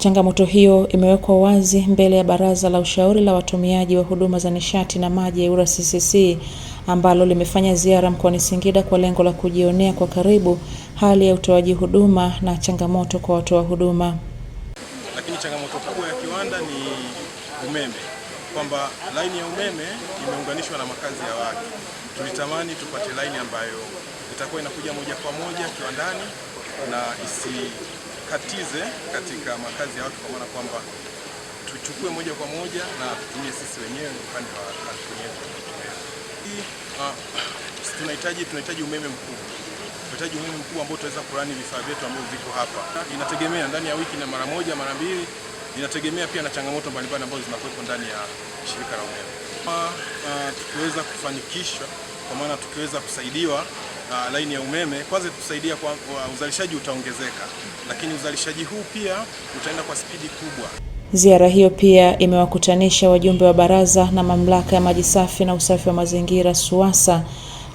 Changamoto hiyo imewekwa wazi mbele ya Baraza la Ushauri la Watumiaji wa Huduma za Nishati na Maji EWURA CCC ambalo limefanya ziara mkoani Singida kwa lengo la kujionea kwa karibu hali ya utoaji huduma na changamoto kwa watoa huduma. Lakini changamoto kubwa ya kiwanda ni umeme, kwamba laini ya umeme imeunganishwa na makazi ya watu. Tulitamani tupate laini ambayo itakuwa inakuja moja kwa moja kiwandani na isi tukatize katika makazi ya watu, kwa maana kwamba tuchukue moja kwa moja na tutumie sisi wenyewe upande wa kampuni yetu. Uh, tunahitaji tunahitaji umeme mkubwa, tunahitaji umeme mkubwa ambao tutaweza kurani vifaa vyetu ambavyo viko hapa. Inategemea ndani ya wiki na mara moja mara mbili, inategemea pia na changamoto mbalimbali ambazo zinakuwepo ndani ya shirika la umeme. Uh, uh, tukiweza kufanikishwa, kwa maana tukiweza kusaidiwa uh, laini ya umeme kwanza tusaidia kwa kwa uzalishaji utaongezeka, lakini uzalishaji huu pia utaenda kwa spidi kubwa. Ziara hiyo pia imewakutanisha wajumbe wa baraza na mamlaka ya maji safi na usafi wa mazingira SUWASA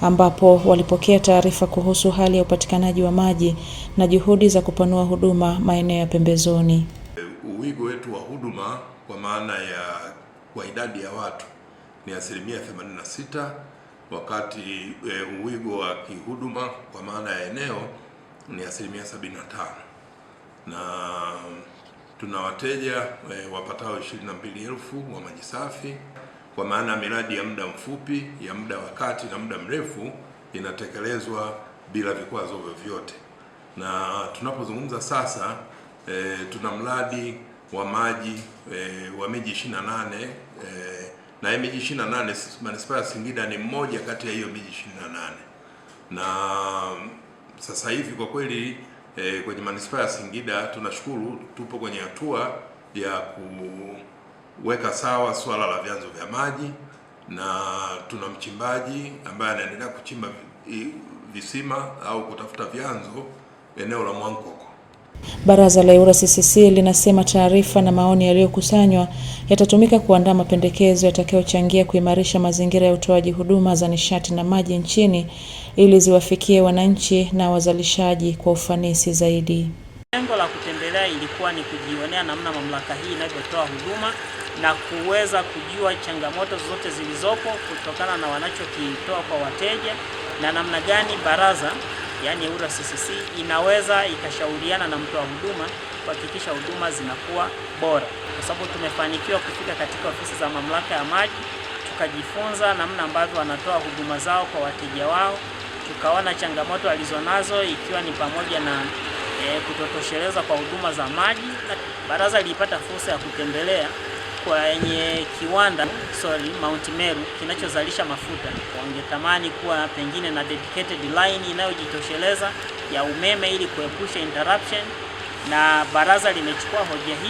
ambapo walipokea taarifa kuhusu hali ya upatikanaji wa maji na juhudi za kupanua huduma maeneo ya pembezoni. Uwigo wetu wa huduma kwa maana ya kwa idadi ya watu ni asilimia 86 wakati e, uwigo wa kihuduma kwa maana ya eneo ni asilimia 75 na tuna wateja e, wapatao 22,000 wa maji safi kwa maana ya miradi ya muda mfupi, ya muda wa kati na muda mrefu inatekelezwa bila vikwazo vyovyote. Na tunapozungumza sasa e, tuna mradi wa maji e, wa miji 28 e, na hii miji 28 manispaa ya Singida ni mmoja kati ya hiyo miji 28 na sasa hivi kwa kweli e, kwenye manispaa ya Singida tunashukuru tupo kwenye hatua ya kuweka sawa swala la vyanzo vya maji na tuna mchimbaji ambaye anaendelea kuchimba visima au kutafuta vyanzo eneo la Mwankoko Baraza la EWURA CCC linasema taarifa na maoni yaliyokusanywa yatatumika kuandaa mapendekezo yatakayochangia kuimarisha mazingira ya utoaji huduma za nishati na maji nchini ili ziwafikie wananchi na wazalishaji kwa ufanisi zaidi. Lengo la kutembelea ilikuwa ni kujionea namna mamlaka hii inavyotoa huduma na kuweza kujua changamoto zote zilizopo kutokana na wanachokitoa kwa wateja na namna gani baraza yani EWURA CCC inaweza ikashauriana na mtoa huduma kuhakikisha huduma zinakuwa bora, kwa sababu tumefanikiwa kufika katika ofisi za mamlaka ya maji tukajifunza namna ambavyo wanatoa huduma zao kwa wateja wao, tukaona changamoto alizonazo ikiwa ni pamoja na e, kutotosheleza kwa huduma za maji. Baraza lilipata fursa ya kutembelea kwenye kiwanda sorry, Mount Meru kinachozalisha mafuta, wangetamani kuwa pengine na dedicated line inayojitosheleza ya umeme ili kuepusha interruption, na baraza limechukua hoja hii.